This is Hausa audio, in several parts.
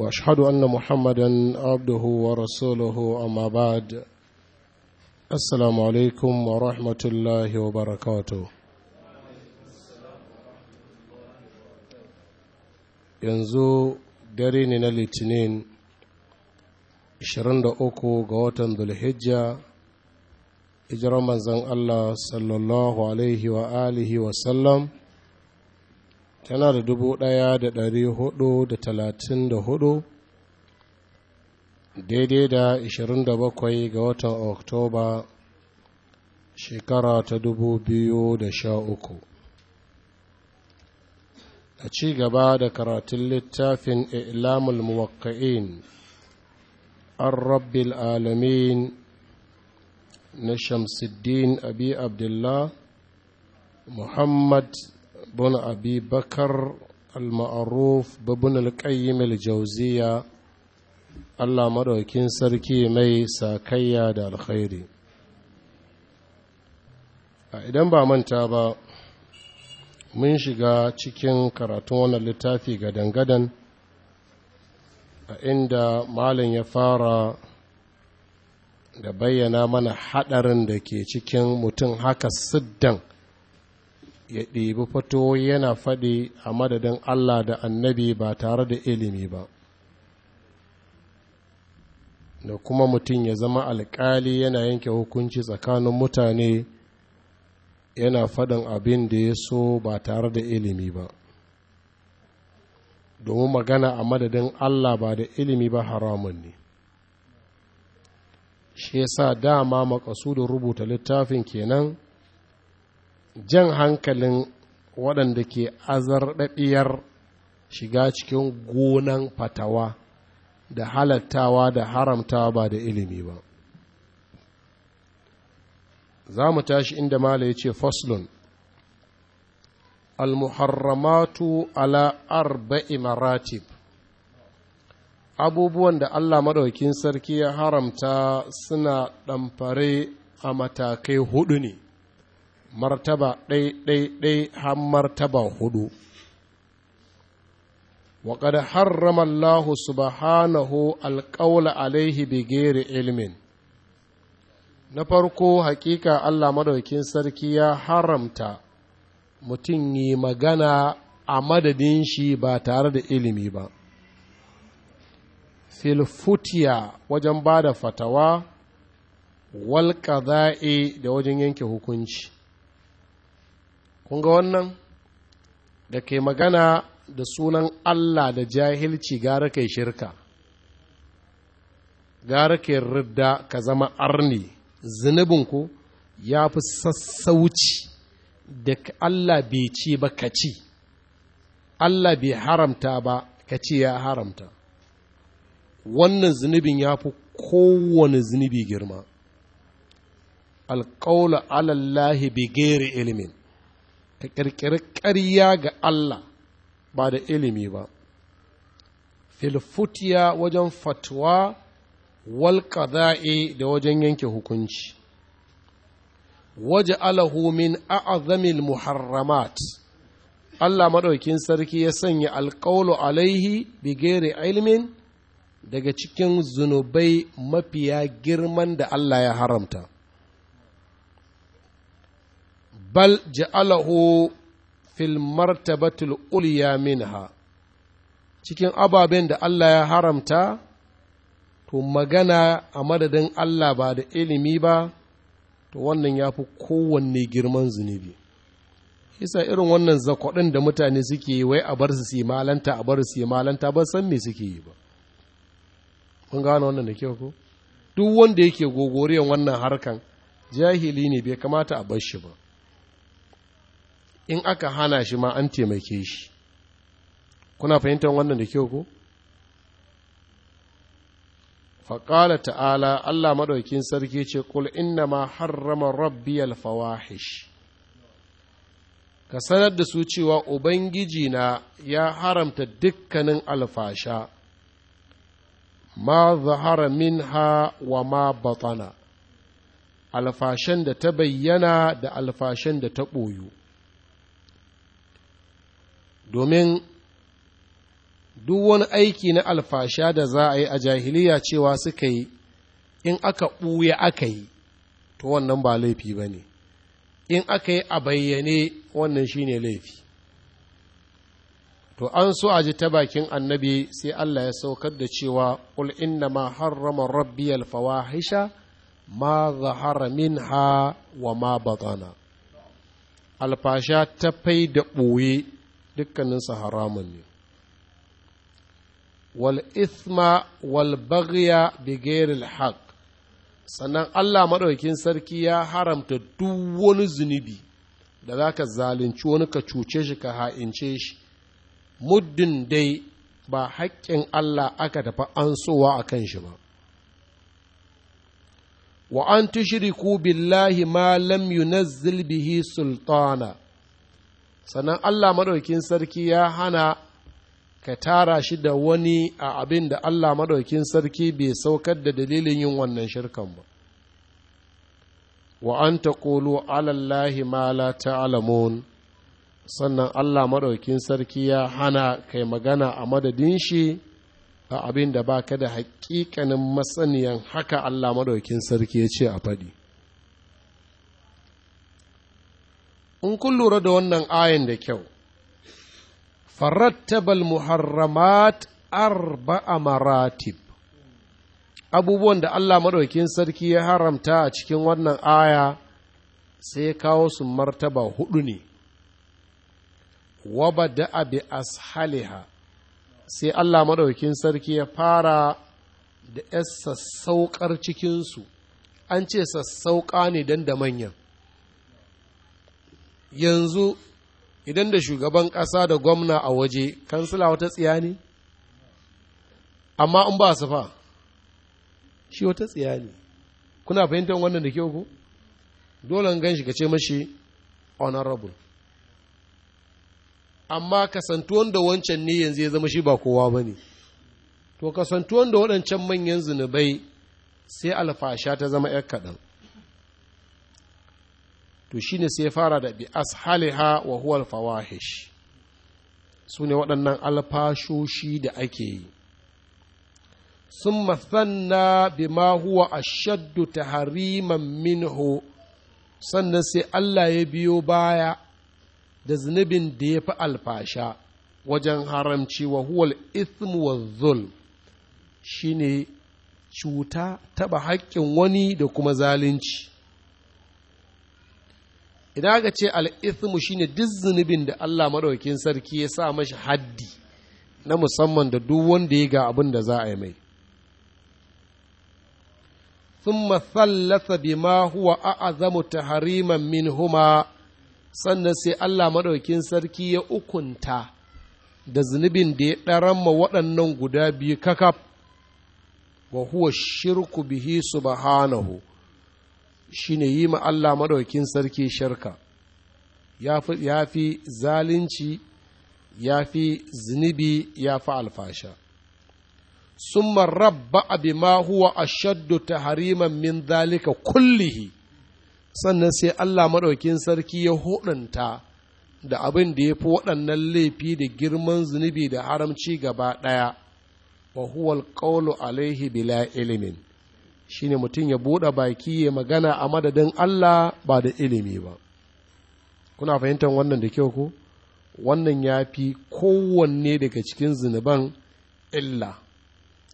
واشهد ان محمدا عبده ورسوله اما بعد السلام عليكم ورحمه الله وبركاته yanzu dare ne na litinin 23 ga watan dulhijja hijirar manzan allah sallallahu alaihi wa alihi tana da dubu ɗaya da ɗari hudu da talatin da hudu daidai da da bakwai ga watan oktoba shekara ta dubu biyu da sha uku. a ci gaba da karatun littafin ilamul muwakka'in an rabbil alamin na shamsuddin abi abdullah muhammad بن أبي بكر المعروف ببن القيم الجوزية الله مدوكين سركي مي ساكيا دار خيري idan ba manta ba mun shiga cikin karatun wannan littafi gadan-gadan a inda malin ya fara da bayyana mana haɗarin da ke cikin mutum haka siddan ya ɗebi fato yana faɗi a madadin Allah da annabi ba tare da ilimi ba da kuma mutum ya zama alƙali yana yanke hukunci tsakanin mutane yana faɗin abin da ya so ba tare da ilimi ba domin magana a madadin Allah ba da ilimi ba haramun ne shi yasa dama makasudin rubuta littafin kenan jan hankalin waɗanda ke azarɗaɗiyar shiga cikin gonan fatawa da halattawa da haramtawa ba da ilimi ba za mu tashi inda mala ya ce faslun almuharramatu ala arba'i maratib abubuwan da allah maɗaukin sarki ya haramta suna ɗamfare a matakai hudu ne martaba ɗey ɗey ɗey ha martaba huɗu wa qad harrama allahu subhanahu alqawla alayhi bi geri ilmin na farko haqiqa allah maɗaukin sarki ya haramta mutum yi magana a madadin shi ba tare da ilimi ba filfutiya wajen ba da fatawa walƙaza'i da wajen yanke hukunci kun wannan da ke magana da sunan Allah da jahilci gara kai shirka gara kai ridda ka zama arni zunubin ku ya fi sassauci da Allah bai ci ba ka ci Allah bai haramta ba ka ci ya haramta wannan zunubin ya fi kowane zunubi girma alƙaula alallahi bi gairi ilimin ka ƙirƙiri ƙarya ga Allah ba da ilimi ba filfutiya wajen fatuwa wal da wajen yanke hukunci waje alahu min a'azamil muharramat Allah maɗaukin sarki ya sanya alƙaulu alaihi bigere ilmin daga cikin zunubai mafiya girman da Allah ya haramta bal جعله في المرتبة الأولية منها cikin ababen da Allah ya haramta to magana a madadin Allah ba da ilimi ba to wannan ya fi kowanne girman zunubi isa irin wannan zakwaɗin da mutane suke yi wai a bar su su malanta a bar su malanta ba san me suke yi ba kun gano wannan da kyau ko duk wanda yake gogoriyan wannan harkan jahili ne bai kamata a bar shi ba in aka hana shi ma an taimake shi kuna fahimtar wannan da kyau ko faƙala ta'ala Allah maɗaukin sarki ce kul inna ma harrama rabbi alfawahish ka sanar da su cewa ubangiji na ya haramta dukkanin alfasha ma zahara minha wa ma batana alfashan da ta bayyana da alfashan da ta ɓoyu domin duk wani aiki na alfasha da za a yi a jahiliya cewa suka yi in aka ɓuya aka yi to wannan ba laifi ba ne in aka yi a bayyane wannan shi ne laifi to an so a ji ta bakin annabi sai Allah ya saukar da cewa ƙul inna ma harrama rabbi alfawahisha ma zahara minha wa ma batana alfasha ta fai da ɓoye dukkaninsa haramun ne wal ithma wal baghya bi ghairil haqq sannan Allah maɗaukin sarki ya haramta duk wani zunubi da zaka zalunci wani ka cuce shi ka ha'ince shi muddin dai ba haƙƙin Allah aka tafi ansowa a kan shi ba wa an tushriku billahi ma lam yunazzil bihi sultana sannan Allah maɗaukin sarki ya hana ka tara shi da wani a abin da Allah maɗaukin sarki bai saukar da dalilin yin wannan shirkan ba wa an ta ƙolo alallahi ma la ta'alamun sannan Allah maɗaukin sarki ya hana kai magana a madadin shi a abin da ba ka da haƙiƙanin masaniyan haka Allah maɗaukin sarki ya ce a faɗi in kun lura da wannan ayan da kyau farattabal muharramat arba'a maratib abubuwan da Allah maɗaukin sarki ya haramta a cikin wannan aya sai ya kawo su martaba hudu ne wabada da abi ashaliha sai Allah maɗaukin sarki ya fara da ‘yar sassauƙar cikinsu an ce sassauƙa ne don da manyan yanzu idan da shugaban ƙasa da gwamna a waje kansila wata tsiya ne amma in ba su fa shi wata tsiya ne kuna fahimtar wannan da kyau ko dole gan shi ka ce mashi honorable amma kasantuwan da wancan ne yanzu ya zama shi ba kowa ba ne to kasantuwan da waɗancan manyan zunubai sai alfasha ta zama ‘yar kaɗan’ to shine sai fara da bi ashaliha wa huwa alfawahish su ne waɗannan alfashoshi da ake yi sun bi ma huwa ashaddu tahariman minhu sannan sai Allah ya biyo baya da zunubin da ya fi alfasha wajen haramci wa huwal ithmu wa shine cuta taba haƙƙin wani da kuma zalunci idan aka ce al'ithmu shine duk zunubin da Allah maɗaukin sarki ya sa mashi haddi na musamman da duk wanda ya ga abin da za a yi mai sun huwa a azamu ta hariman min huma sannan sai Allah maɗaukin sarki ya ukunta da zunubin da ya ɗarama waɗannan guda biyu kakaf wa huwa shirku bihi subhanahu shine yi ma Allah maɗaukin sarki Sharka, ya fi zalunci ya fi zunubi ya fi alfasha sun rabba abi ma huwa ashaddu tahariman min zalika kullihi sannan sai Allah maɗaukin sarki ya hudunta da abin da ya fi waɗannan laifi da girman zunubi da haramci gaba ɗaya wa huwa alƙaulu alaihi bila ilimin shine mutum ya buɗe baki ya magana a madadin Allah ba da ilimi ba kuna fahimtar wannan da kyau ko wannan ya fi kowanne daga cikin zunuban illa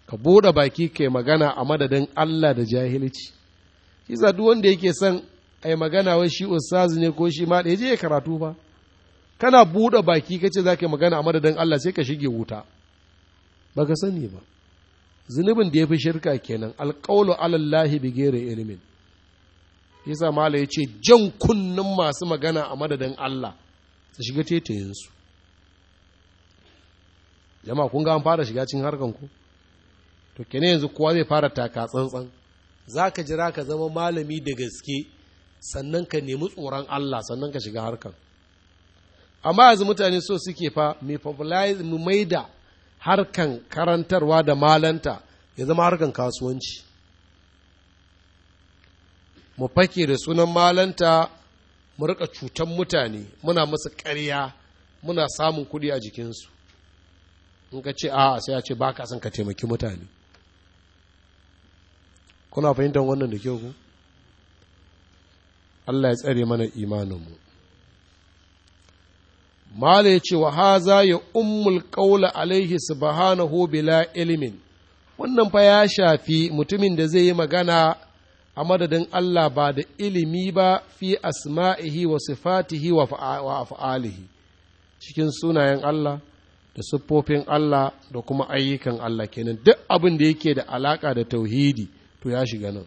ka buɗe baki ka yi magana a madadin Allah da jahilci shi za duk wanda yake son a yi magana wai shi ustazi ne ko shi ma da je ya karatu fa kana buɗe baki ka ce za ka yi magana a madadin Allah sai ka shige wuta ba ka sani ba zunubin da ya fi shirka kenan alƙaulu alallahi bi gere ilimin yasa mala ya ce jan kunnen masu magana a madadin Allah su shiga tetayinsu jama kun ga an fara shiga cikin harkan ku to kene yanzu kowa zai fara taka tsantsan za ka jira ka zama malami da gaske sannan ka nemi tsoron Allah sannan ka shiga harkan amma yanzu mutane so suke fa mai maida harkan karantarwa da malanta ya zama harkan kasuwanci mu fake da sunan malanta mu rika cutan mutane muna musu karya muna samun kuɗi a jikinsu in ka ce a'a sai ya ce ba ka son ka taimaki mutane kuna fahimtar wannan da kyau ku Allah ya tsare mana imaninmu mala ya ce wa haza ya ummul ƙaula alaihi subhanahu bila ilimin wannan fa ya shafi mutumin da zai yi magana a madadin Allah ba da ilimi ba fi asma'ihi wa sifatihi wa fa'alihi cikin sunayen Allah da siffofin Allah da kuma ayyukan Allah kenan duk abin da yake da alaka da tauhidi to ya shiga nan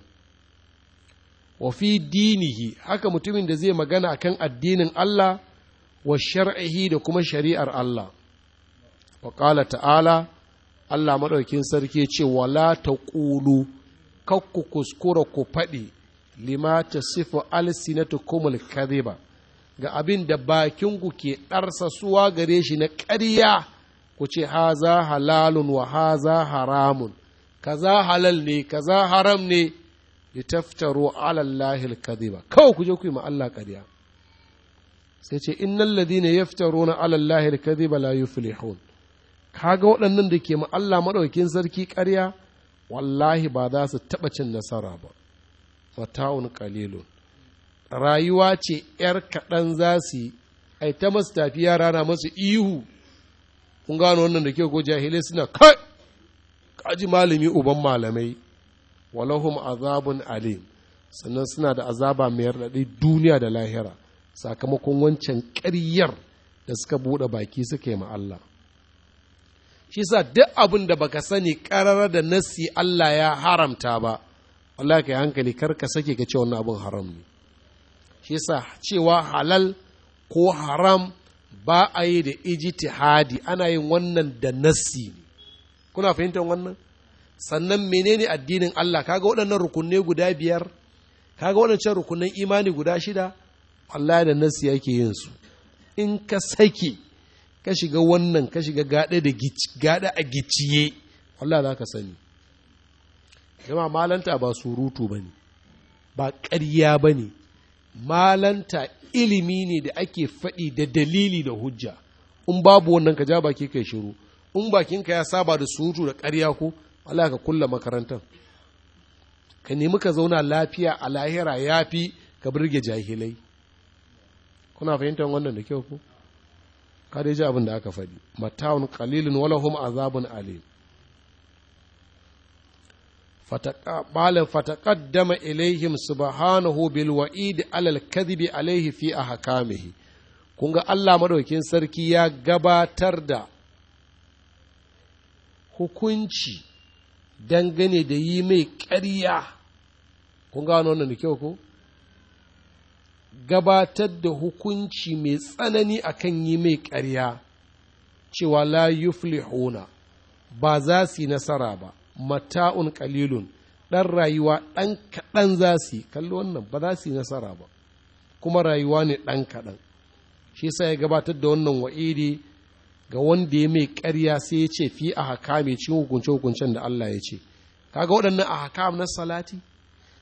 wa fi dinihi haka mutumin da zai magana akan addinin Allah wa shar'ihi da kuma shari'ar Allah wa ta'ala Allah maɗaukin sarki ce wala ta ƙulu kakku kuskura ku faɗi lima tasifu alsinatukum alkadhiba ga abin da bakinku ke ɗarsa suwa gare shi na ƙarya ku ce haza halalun wa haza haramun kaza halal ne kaza haram ne litaftaru ala allahi alkadhiba kawai ku je ku yi ma Allah ƙarya sai ce ya ladina yaftaruna ala allahi alkadhiba la yuflihun kaga waɗannan da ke ma Allah maɗaukin sarki ƙarya wallahi ba za su taɓa cin nasara ba Matawun qalilun rayuwa ce ƴar kaɗan za su yi, ai, ta masu tafi yara na masu ihu, kun gano wannan da ke ko jahilai suna kai, kaji malami uban malamai, walahum azabun alim, sannan suna da azaba mai raɗaɗi duniya da lahira. sakamakon wancan karyar da suka buɗe baki suka yi ma Allah shi sa duk abin da baka sani karar da nasi Allah ya haramta ba Allah ka yi hankali kar ka sake ka ce wannan abin haram ne shi sa cewa halal ko haram ba a yi da ijtihadi ana yin wannan da nasi kuna fahimtar wannan sannan menene addinin Allah kaga waɗannan rukunne guda biyar kaga waɗancan rukunin imani guda shida wallahi da nasi yake yin su in ka sake ka shiga wannan ka shiga gada da gaɗe a giciye wallahi za ka sani jama malanta ba surutu ba ne ba ƙarya ba ne malanta ilimi ne da ake faɗi da dalili da hujja in babu wannan ka ja baki kai shiru in bakinka ya saba da surutu da ƙarya ko Allah ka kulla makarantar ka nemi ka zauna lafiya a lahira ya fi ka birge jahilai kuna fahimtar wannan da kyau ko ka dai ji abin da aka faɗi mata'un qalilun hum azabun alim balan fataqaddama ilaihim subhanahu bil wa'id alal kadhibi alaihi fi ahkamihi kun ga Allah madaukin sarki ya gabatar da hukunci dangane da yi mai ƙarya kun ga wannan da kyau ko gabatar da hukunci mai tsanani akan yi mai karya cewa la yuflihuna ba za su yi nasara ba mata'un kalilun ɗan rayuwa ɗan kaɗan za su yi kalli wannan ba za su yi nasara ba kuma rayuwa ne ɗan kaɗan shi sa ya gabatar da wannan wa'idi ga wanda ya mai ƙarya sai ya ce fi a haka mai cin hukunce hukuncen da Allah ya ce kaga waɗannan a haka na salati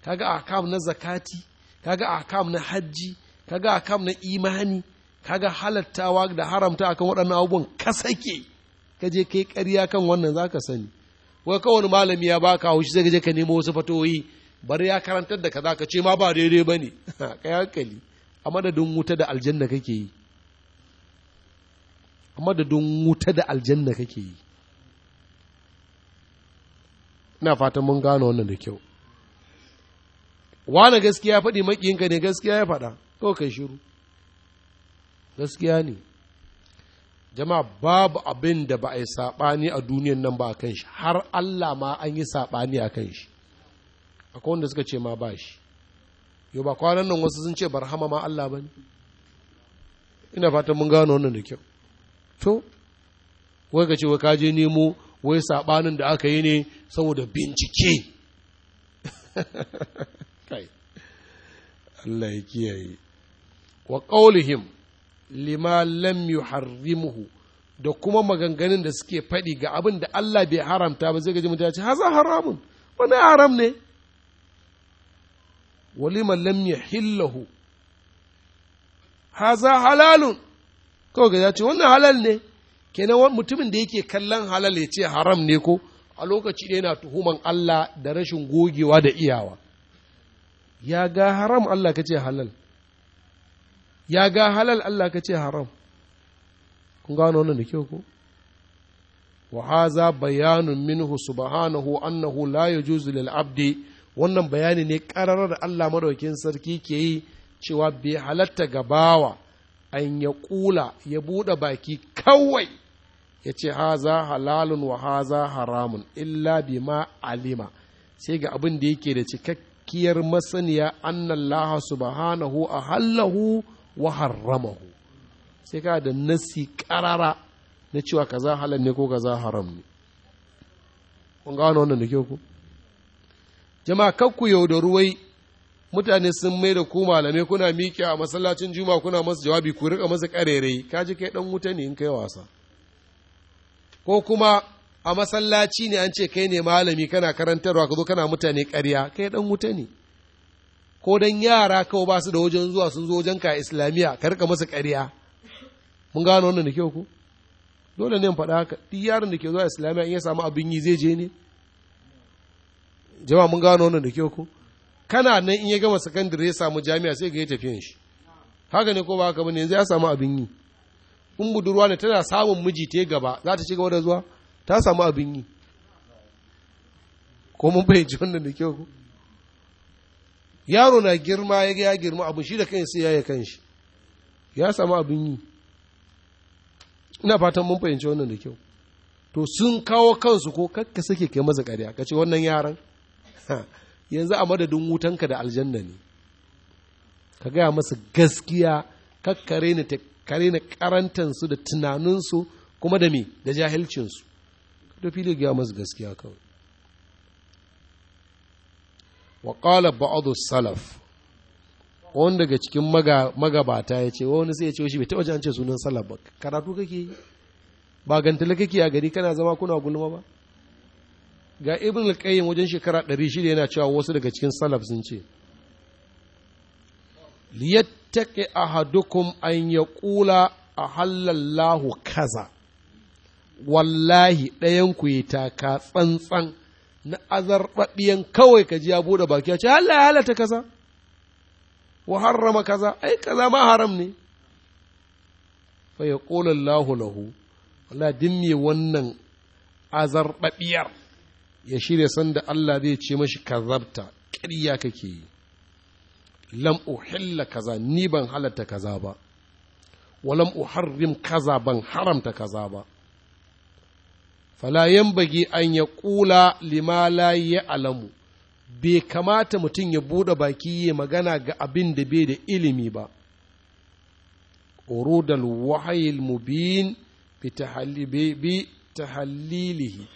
kaga a haka na zakati kaga akam na hajji kaga akam na imani kaga halattawa da haramta akan waɗannan abubuwan ka sake ka je kai ƙarya kan wannan za ka sani wai kawai malami ya ka haushi zai je ka nemo wasu fatoyi bari ya karantar da ka za ka ce ma ba daidai ba ne ka hankali a madadin wuta da aljanna kake yi a wuta da aljanna kake yi ina fatan mun gano wannan da kyau wane gaskiya faɗi maƙiyinka ne gaskiya ya faɗa kawai kai shiru gaskiya ne jama'a babu abin da ba a yi saɓani a duniyan nan ba a kan shi har Allah ma an yi saɓani a kan shi akwai wanda suka ce ma ba shi yau ba kwanan nan wasu sun ce barhama ma Allah ba ne ina fatan mun gano wannan da kyau to wai ka ce wai ka je nemo wai saɓanin da aka yi ne saboda bincike kai Allah ya kiyaye wa qaulihim lima lam yuharrimuhu da kuma maganganun da suke faɗi ga abin da Allah bai haramta ba zai gaji mutum ya ce haza haramun wani haram ne walima lam yahillahu haza halalun kawai ga ya ce wannan halal ne kenan mutumin da yake kallon halal ya ce haram ne ko a lokaci ɗaya na tuhuman Allah da rashin gogewa da iyawa ya ga haram Allah ka ce halal ya ga halal Allah ka ce haram kun gano wannan da kyau ko wa haza bayanun minhu subhanahu annahu la yajuzu lil abdi wannan bayani ne kararar Allah madaukin sarki ke yi cewa bai halatta gabawa an ya kula ya buɗe baki kawai ya ce haza halalun wa haza haramun illa bima alima sai ga abin da yake da cikakken cikakkiyar masaniya annallaha subhanahu a hallahu wa sai ka da nasi karara na cewa kaza halal ne ko kaza haram ne kun gano wannan da ke ku jama'a kakku yau da ruwai mutane sun mai da ku malamai kuna miƙe a masallacin juma kuna masu jawabi ku rika masa ƙarere ka ji kai dan wuta ne in kai wasa ko kuma a masallaci ne an ce kai ne malami kana karantarwa ka zo kana mutane ƙarya kai dan wuta ne ko dan yara kawai ba su da wajen zuwa sun zo wajen ka islamiyya ka rika masa ƙarya mun gano wannan da kyau ko dole ne faɗa haka duk yaron da ke zuwa islamiyya in ya samu abin yi zai je ne jama'a mun gano wannan da kyau ko kana nan in ya gama sakandare ya samu jami'a sai ga ya tafi shi haka ne ko ba haka bane yanzu ya samu abin yi in budurwa ne tana samun miji ta gaba za ta ci gaba da zuwa ta samu abin yi ko mun fahimci wannan da kyau yaro na girma ya ya girma abu shi da kan sai ya yi kan shi ya samu abin yi ina fatan mun fahimci wannan da kyau to sun kawo kansu ko kakka sake kai maza ƙarya ka ce wannan yaran yanzu a madadin wutanka da aljanna ne ka gaya masa gaskiya kakkare ni ta kare na karantansu da tunaninsu kuma da me da jahilcinsu da fili ga masu gaskiya kawai wa ba'adu salaf wanda daga cikin magabata ya ce wani sai ya ce shi bai taɓa an sunan salaf ba karatu kake yi ba gantala kake a gari kana zama kuna gulma ba ga ibn al-qayyim wajen shekara 600 yana cewa wasu daga cikin salaf sun ce liyattaqi ahadukum an yaqula ahallallahu kaza wallahi ɗayanku ya taka tsantsan na azarɓaɓiyan kawai ka ji ya buɗe baki ya ce Allah ya halata kaza wa harrama kaza ai kaza ma haram ne fa ya ƙola lahu lahu din me wannan azarɓaɓiyar ya shirya sanda Allah zai ce mashi kazabta ƙirya kake yi lam uhilla kaza ni ban halatta kaza ba Wa walam uharrim kaza ban haramta kaza ba fala bagi an ya ƙula limala ya alamu bai kamata mutum ya buɗe baki ya magana ga abin da bai da ilimi ba urudal wahayil mubin bi tahallilihi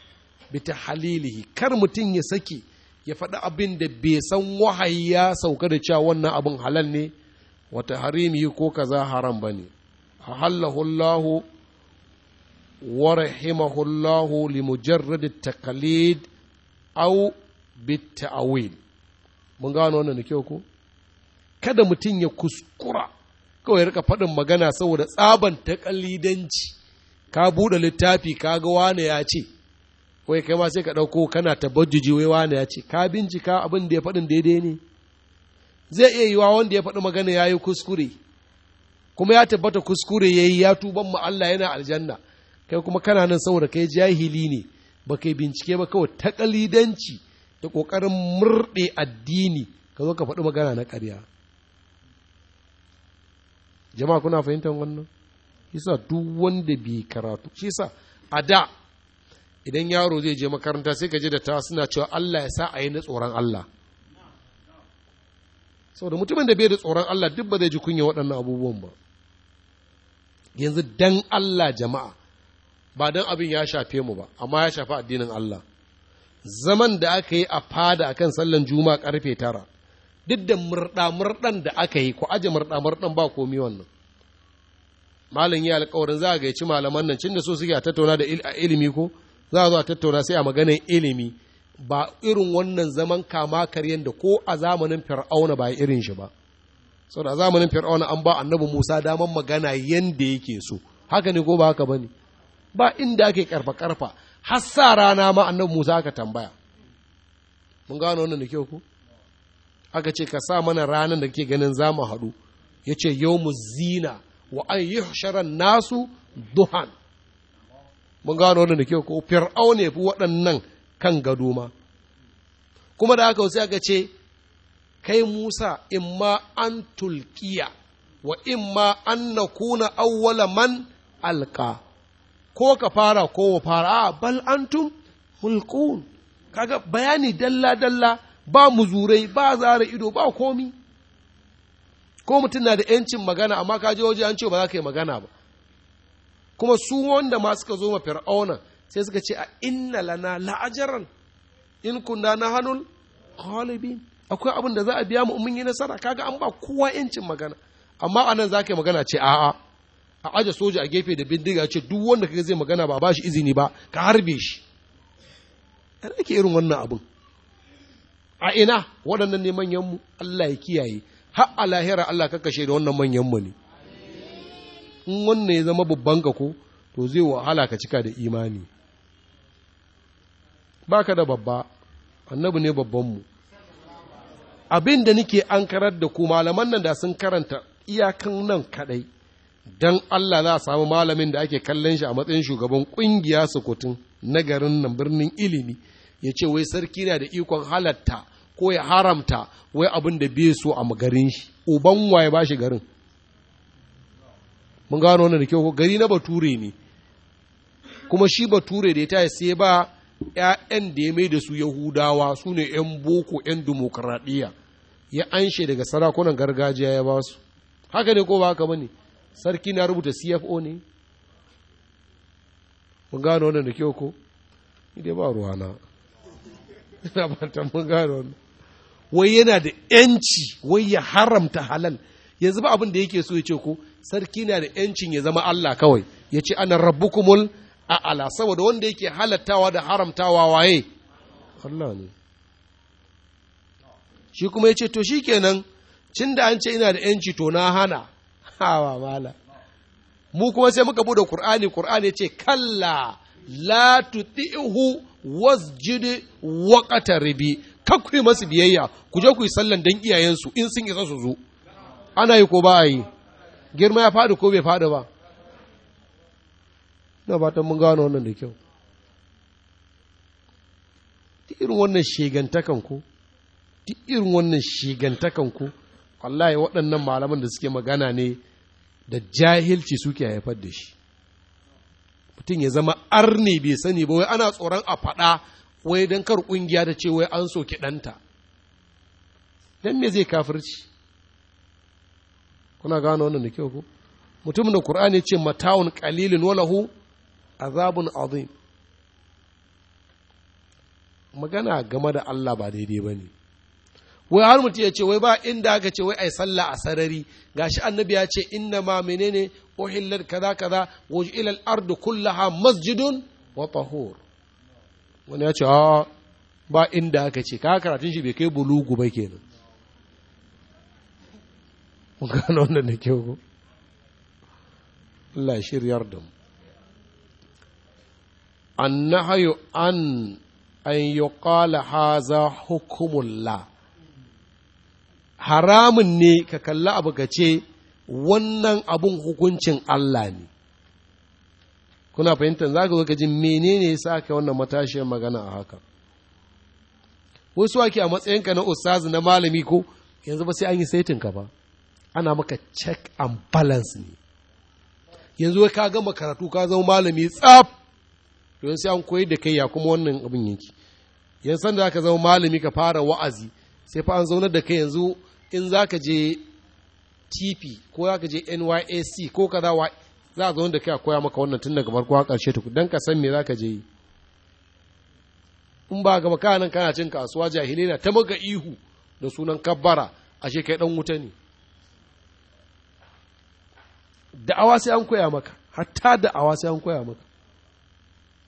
bi kar mutum ya saki ya faɗi abin da bai san wahayi ya sauka da cewa wannan abin halal ne wata harimi ko kaza haram ba ne a hallahu ورحمه الله لمجرد التقليد أو بالتأويل mun gano wannan da kyau ko kada mutum ya kuskura kawai rika faɗin magana saboda tsaban takalidanci ka buɗe littafi ka ga wane ya ce wai kai ma sai ka ɗauko kana tabajjuji wai wane ya ce ka bincika abin da ya faɗin daidai ne zai iya yiwa wanda ya faɗi magana ya yi kuskure kuma ya tabbata kuskure ya yi ya tuba mu Allah yana aljanna kai kuma kana nan saboda kai jahili ne ba kai bincike ba kawai takalidanci da ƙoƙarin murɗe addini ka zo ka faɗi magana na ƙarya jama'a kuna fahimtar wannan yasa duk wanda bai karatu shi sa a da idan yaro zai je makaranta sai ka je da ta suna cewa Allah ya sa a yi na tsoron Allah saboda mutumin da bai da tsoron Allah duk ba zai ji kunya waɗannan abubuwan ba yanzu dan Allah jama'a ba don abin ya shafe mu ba amma ya shafi addinin Allah zaman da aka yi a fada a kan sallan juma'a karfe tara duk da murɗa-murɗan da aka yi ko aje murɗa-murɗan ba komi wannan malin ya alƙawarin za a gaici malaman nan cin da so suke a tattauna da ilimi ko za a zo a tattauna sai a maganar ilimi ba irin wannan zaman kama karyan da ko a zamanin fir'auna ba irin shi ba saboda a zamanin fir'auna an ba annabi musa daman magana yanda yake so haka ne ko ba haka ne ba inda ake karfa karfa har sa rana ma annabi Musa aka tambaya mun gano wannan da kyau ku aka ce ka sa mana ranar da ke ganin za mu haɗu ya ce yau mu zina wa an yi sharan nasu duhan mun gano wannan da kyau ku fir'au ne fi waɗannan kan gado ma kuma da aka wasu aka ce kai musa in ma an tulkiya wa in ma an na kuna awwala man alka ko ka fara ko wa fara a bal antum hulkun kaga bayani dalla dalla ba mu zurai, ba zara ido ba komi ko mutum na da yancin magana amma ka je waje an ce ba za ka yi magana ba kuma su wanda ma suka zo ma fir'auna sai suka ce a inna lana la'ajaran in kunna na hannun qalibin akwai abin da za a biya mu mun yi nasara kaga an ba kowa yancin magana amma anan za ka yi magana ce a'a a aje soja a gefe da bindiga ce duk wanda kaga zai magana ba ba shi izini ba ka harbe shi yana ake irin wannan abin a ina waɗannan ne manyanmu Allah ya kiyaye har a lahira Allah ka kashe da wannan manyanmu ne in wannan ya zama babban ka ko to zai wahala ka cika da imani baka da babba annabi ne babbanmu abin da nake an da ku malaman nan da sun karanta iyakan nan kaɗai? don Allah za a samu malamin da ake kallon shi a matsayin shugaban ƙungiya Sokoto na garin nan birnin ilimi ya ce wai sarki na da ikon halatta ko ya haramta wai abin da bai so a garin shi uban waye ba shi garin mun gano wannan da kyau ko gari na bature ne kuma shi bature da ya taya sai ba ‘ya'yan da ya mai da su Yahudawa su ne ‘yan boko ‘yan dimokuraɗiyya ya anshe daga sarakunan gargajiya ya ba su haka ne ko ba haka ba sarki na rubuta cfo ne mun gano wannan da kyau ko dai ba na ina bantan mun gano wannan wai yana da yanci wai ya haramta halal yanzu ba abin da yake so ya ce ko sarki na da yancin ya zama Allah kawai ya ce ana rabbukumul a'ala saboda wanda yake halattawa da haramtawa waye Allah ne shi kuma ya ce to shikenan cin cinda an ce ina da yanci to na hana hawa mala mu kuma sai muka bude qur'ani qur'ani ce kalla la tuti'hu wasjid waqtaribi kak ku masu biyayya ku je ku yi sallan dan iyayensu in sun isa su zo ana yi ko ba a yi girma ya faɗi ko bai faɗi ba na fatan mun gano wannan da kyau ti irin wannan shigantakanku ko irin wannan shegantakan ko wallahi waɗannan malaman da suke magana ne da jahilci suke haifar da shi mutum ya zama arni bai sani ba wai ana tsoron a faɗa wai don kar ƙungiya ta ce wai an soke ɗanta don me zai kafirci kuna gano wannan da kyau ko mutum da ƙur'ani ce mata'un ƙalilun walahu azabun azim magana game da Allah ba daidai ba ne wai har mutum ya ce wai ba inda aka ce wai ai sallah a sarari gashi annabi ya ce inna ma menene uhillat kaza kaza wa ilal ardu kullaha masjidun wa tahur wani ya ce a ba inda aka ce ka karatun shi bai kai bulugu ba kenan mun gano wannan da kyau ko Allah shiryar da mu an nahayu an an yuqala haza hukumullah haramun ne ka kalli abu ka ce wannan abun hukuncin Allah ne kuna fahimtar za ka zo ka ji menene ya sa ka wannan matashiyar magana a haka wasu ake a matsayinka na ustazi na malami ko yanzu ba sai an yi saitin ka ba ana maka check and balance ne yanzu wai ka gama karatu ka zama malami tsaf don sai an koyar da kai ya kuma wannan abin yake yanzu da ka zama malami ka fara wa'azi sai fa an zaunar da kai yanzu in za ka je tp ko za ka je nyac ko ka za za a zo da kai a koya maka wannan tun daga farko ƙarshe tuku don ka san me za ka je yi in ba gaba kana kana cin kasuwa jahilai na ta maka ihu da sunan kabbara ashe kai dan wuta ne da'awa sai an koya maka hatta da'awa sai an koya maka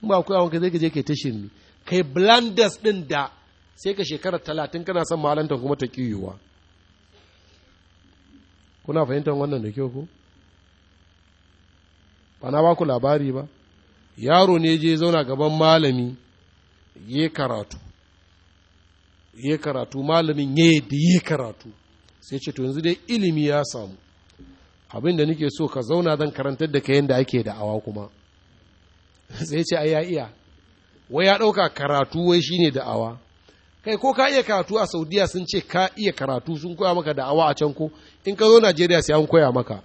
in ba koya maka zai ka je kai ta shirmi kai blanders din da sai ka shekara talatin kana son malantar kuma ta kiyuwa kuna fahimtar wannan da kyau ko ba na ba labari ba yaro ne je zauna gaban malami ya karatu ya karatu malamin ya yadda ya karatu sai ce to yanzu dai ilimi ya samu abin da nake so ka zauna zan karantar da kayan yadda ake da'awa kuma sai ce a ya iya wai ya ɗauka karatu wai shine da'awa kai ko ka iya karatu a saudiya sun ce ka iya karatu sun koya maka da'awa a can ko in ka zo najeriya sai an koya maka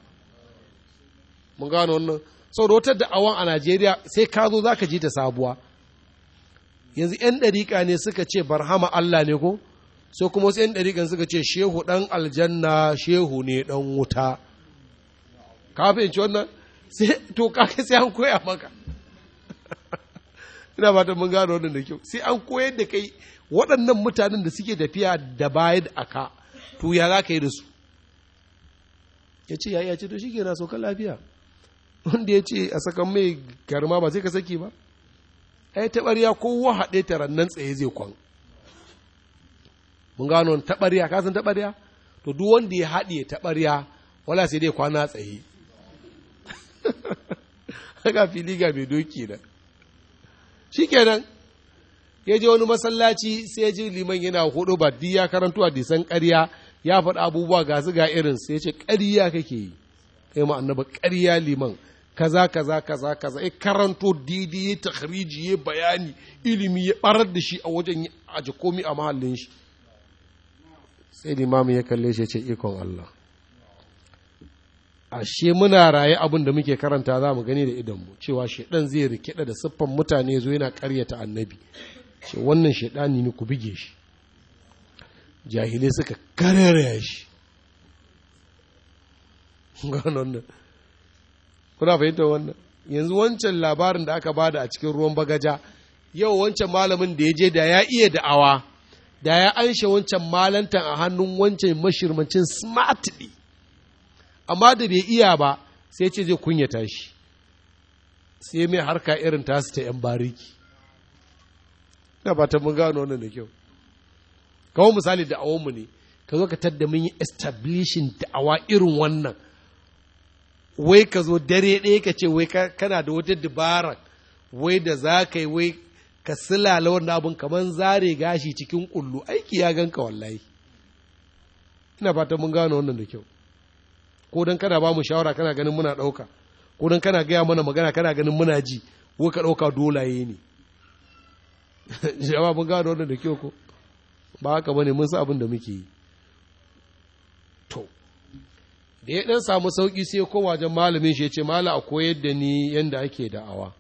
mun gano wannan sau da wata da'awan a najeriya sai ka zo za ka ji ta sabuwa yanzu 'yan ɗariƙa ne suka ce barhama allah ne ko sai kuma wasu 'yan ɗariƙan suka ce shehu ɗan aljanna shehu ne ɗan wuta ka fahimci wannan sai to kaka sai an koya maka ina fatan mun gano wannan da kyau sai an koyar da kai waɗannan mutanen da suke tafiya da bayan aka to ya za ka yi da su ya ce ya ce to shi ke na kan lafiya wanda ya ce a sakan mai garma ba sai ka saki ba ai taɓarya ko wahaɗe ta rannan tsaye zai kwan mun gano taɓarya ka san taɓarya to duk wanda ya haɗe taɓarya wala sai dai kwana tsaye haka fili ga mai doki na shi kenan ya je wani masallaci sai ya ji liman yana hudu ba di ya karanto hadisan ƙarya ya faɗa abubuwa ga su ga irin sai ya ce ƙarya kake yi kai ma annaba ƙarya liman kaza kaza kaza kaza ya karanto didi ya ya bayani ilimi ya barar da shi a wajen aje komi a mahallin shi sai limamin ya kalle shi ya ce ikon Allah ashe muna raye abin da muke karanta za mu gani da mu cewa shaidan zai rikida da siffan mutane zo yana karyata annabi ce wannan shaidani ne ku bige shi jahilai suka karya shi kuna fahimtar wannan yanzu wancan labarin da aka bada a cikin ruwan bagaja yau wancan malamin da ya je da ya iya da'awa da ya anshe wancan malantan a hannun wancan mashirmancin smartly amma da bai iya ba sai ce zai kunyata shi sai mai harka irin tasu ta 'yan bariki na ba ta mun gano wannan da kyau kawo misali da awonmu ne ka zo ka tadda mun yi establishing da'awa irin wannan wai ka zo dare ɗaya ka ce wai kana da wata dabara wai da za ka yi wai ka silala wannan abin kamar zare gashi cikin kullu aiki ya ganka wallahi ina fata mun gano wannan da kyau ko don kana ba mu shawara kana ganin muna ɗauka ko don kana gaya mana magana kana ganin muna ji ko ka ɗauka dolaye ne jama'a mun gano wannan da kyau ko ba haka bane mun san abin da muke yi to da ya dan samu sauki sai ko wajen malamin shi ya ce mala a koyar da ni yanda ake da'awa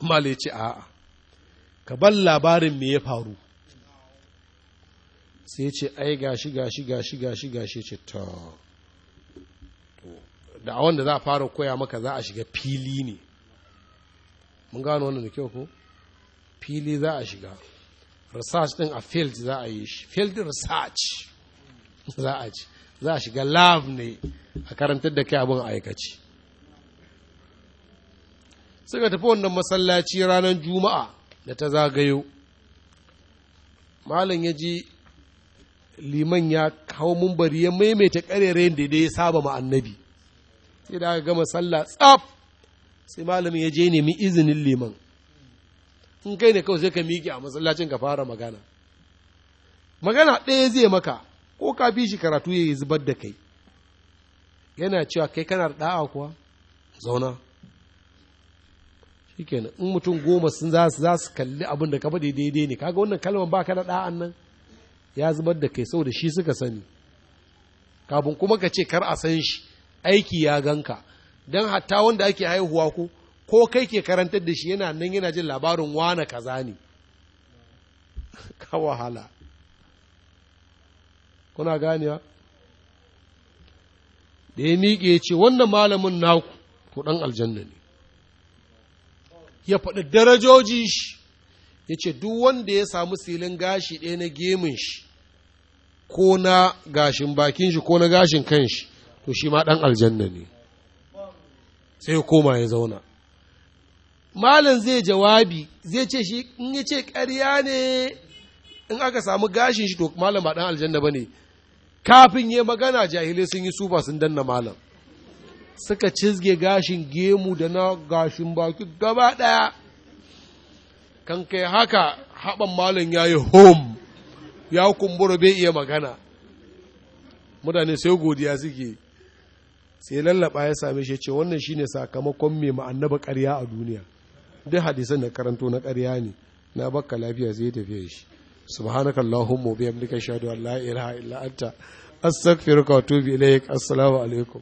mala ya ce a'a ka bar labarin me ya faru sai ce ai gashi gashi gashi gashi gashi ce to da a wanda za a fara koya maka za a shiga fili ne mun gano wannan da kyau ko fili za a shiga research din a field za a yi shi field research za a ci za a shiga lab ne a karantar da kai abin aikaci suka tafi wannan masallaci ranar juma'a da ta zagayo malam ya ji liman ya kawo mumbari ya maimaita karerayen da ya saba ma annabi sai da aka gama sallah tsaf sai malamin ya je nemi izinin liman in kai ne kawai sai ka miƙe a masallacin ka fara magana magana ɗaya zai maka ko ka fi shi karatu ya zubar da kai yana cewa kai kana da ɗa'a kuwa zauna shikenan in mutum goma sun za su za su kalli abin da ka faɗi daidai ne kaga wannan kalmar ba ka da ɗa'an nan ya zubar da kai saboda shi suka sani kafin kuma ka ce kar a san shi aiki ya ganka don hatta wanda ake haihuwa ko ko kai ke karantar da shi yana nan yana jin labarin wane kaza ne ka wahala kuna ganewa da ya miƙe ya ce wannan malamin naku ku ɗan aljanna ne ya faɗi darajoji shi ya ce duk wanda ya samu silin gashi ɗaya na gemun shi ko na gashin bakin shi ko na gashin kan shi to shi ma ɗan aljanna ne sai ya koma ya zauna malam zai jawabi zai ce shi in ya ce ƙarya ne in aka samu gashin shi to malam ba ɗan aljanna ba ne kafin ya magana jahilai sun yi sufa sun danna malam suka cizge gashin gemu da na gashin baki gaba ɗaya kan kai haka haɓan malam ya yi home ya kumbura bai iya magana mutane sai godiya suke sai lallaba ya same shi ce wannan shi ne sakamakon mai ma'annaba ƙarya a duniya duk hadisan da karanto na ƙarya ne na baka lafiya zai ya tafiya shi subhanakallahumma wa bihamdika ashhadu an la ilaha illa anta astaghfiruka wa atubu ilaik assalamu alaikum